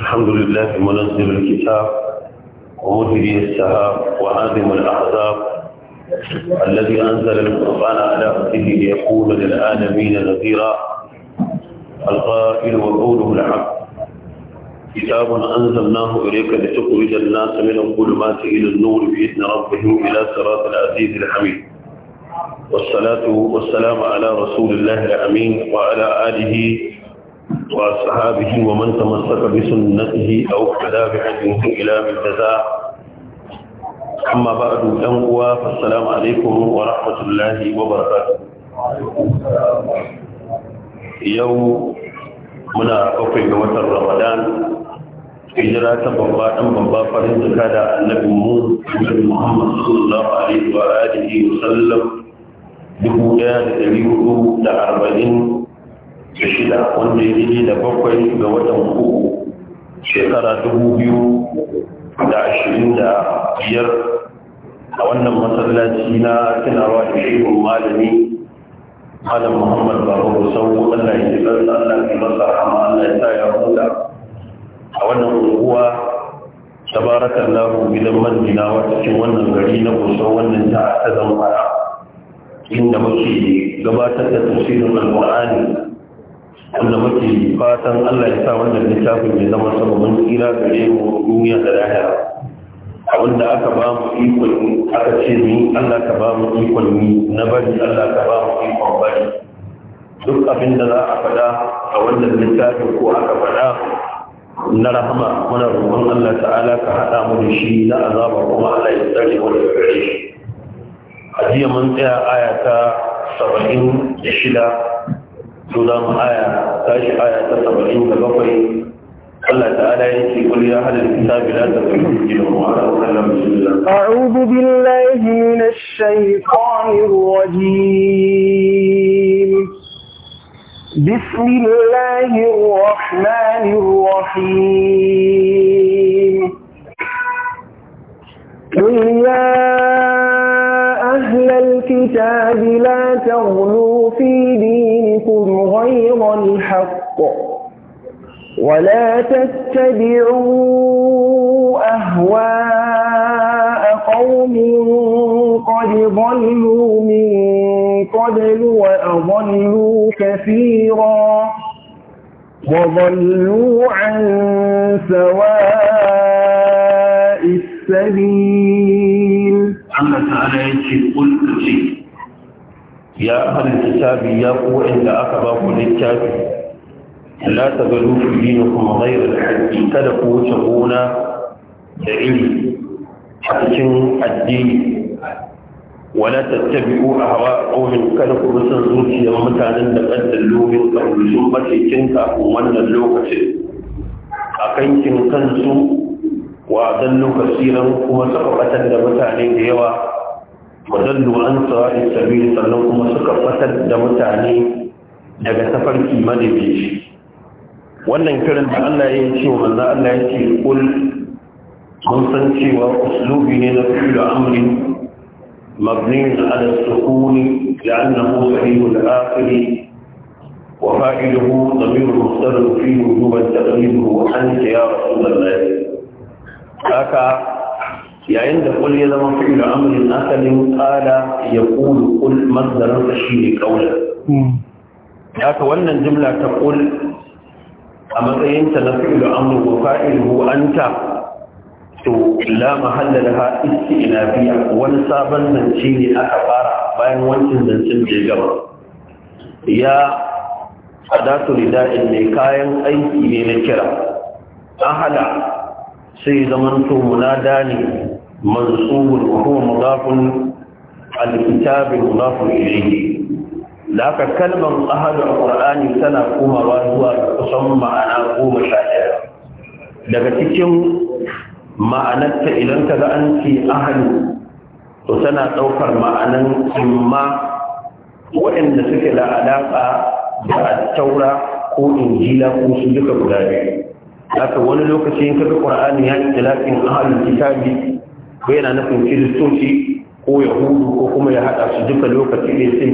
الحمد لله منزل الكتاب ومجري السهاب وعادم الأحزاب الذي أنزل القرآن على أبده ليكون للعالمين نذيرا القائل وقوله الحق كتاب أنزلناه إليك لتخرج الناس من الظلمات إلى النور بإذن ربهم إلى صراط العزيز الحميد والصلاة والسلام على رسول الله الأمين وعلى آله وأصحابه ومن تمسك بسنته أو اقتدى بهديه إلى بالجزاء أما بعد أنقوا فالسلام عليكم ورحمة الله وبركاته يوم منا أوفي وتر رمضان hijira ta babba ɗan babba farin jika da annabin mu Muhammad sallallahu alaihi wa alihi wa sallam dubu da ɗari hudu da arba'in da shida wanda ya da bakwai ga watan uku shekara dubu biyu da ashirin da biyar a wannan masallaci na tunawa da shehun malami malam muhammad babu sau allah ya tsarsa allah ya masa amma allah ya sa ya a wannan unguwa tabarakallahu gidan manjina wata cikin wannan gari na kusa wannan ta ta zamfara inda muke gabatar da tafsirin alƙur'ani wanda muke fatan Allah ya sa wannan littafin ya zama sababin tsira gare mu duniya da lahira abinda aka ba mu ikon aka ce ni Allah ka ba mu ikon ni na bari Allah ka ba mu ikon bari duk abin da za a faɗa a wannan littafin ko aka faɗa na rahama muna roƙon Allah ta'ala ka haɗa mu da shi na azaba kuma Allah ya tsare mu daga gare shi a jiya آية سبعين aya سلام آية da آية سبعين mu الله تعالى يكي كل أهل الكتاب لا تكونوا أعوذ بالله من الشيطان الرجيم بسم الله الرحمن الرحيم الكتاب لا تغلوا في دينكم غير الحق ولا تتبعوا أهواء قوم قد ضلوا من قبل وأضلوا كثيرا وضلوا عن سواء السبيل Allah ta'ala yake kulkuce ya halitta sabi ya kuwa inda aka ba ku littafi la tabalu fi dinikum ghayr al-haqqi kada ku wuce gona da ilmi a cikin addini wala a hawa qawmin kada ku san zuciyar mutanen da kaddan lumin kawai sun bace kinka wannan lokacin a kankin kansu wa lokaci kasiran kuma suka da mutane da yawa wa dallu an sawa'i sabili kuma suka da mutane daga tafarki madaidaici wannan kiran da Allah ya ce wa manzo Allah ya ce kul mun san cewa uslubi ne na fi'il amrin mabni ala sukuni la'annahu sahihul akhiri وفاعله ضمير مختلف فيه وجوبا تقريبه وانت يا رسول الله haka yayin da kul ya zama fi'il amrin asalin qala yaqulu kul masdarin sa shine qaula hmm. haka wannan jumla ta kul a matsayinta ta na fi'il amru wa fa'iluhu anta to la mahalla ina biya wani sabon zance ne aka fara bayan wancan zancen da ya gaba ya adatu ne kayan aiki ne na kira ahala sai zamanto munada ne mansubun ko huwa alkitabin alkitabi mudafun ilayhi da aka kalmar a qur'ani tana komawa zuwa kusan ma'ana goma sha ɗaya daga cikin ma'anarta idan ka ga an ce ahadu to tana ɗaukar ma'anan imma waɗanda suke da alaƙa da taura ko injila ko su duka guda biyu haka wani lokaci in kaga qur'ani ya tilafin ahlul kitabi ko yana nufin kiristoci ko yahudu ko kuma ya hada su duka lokaci ne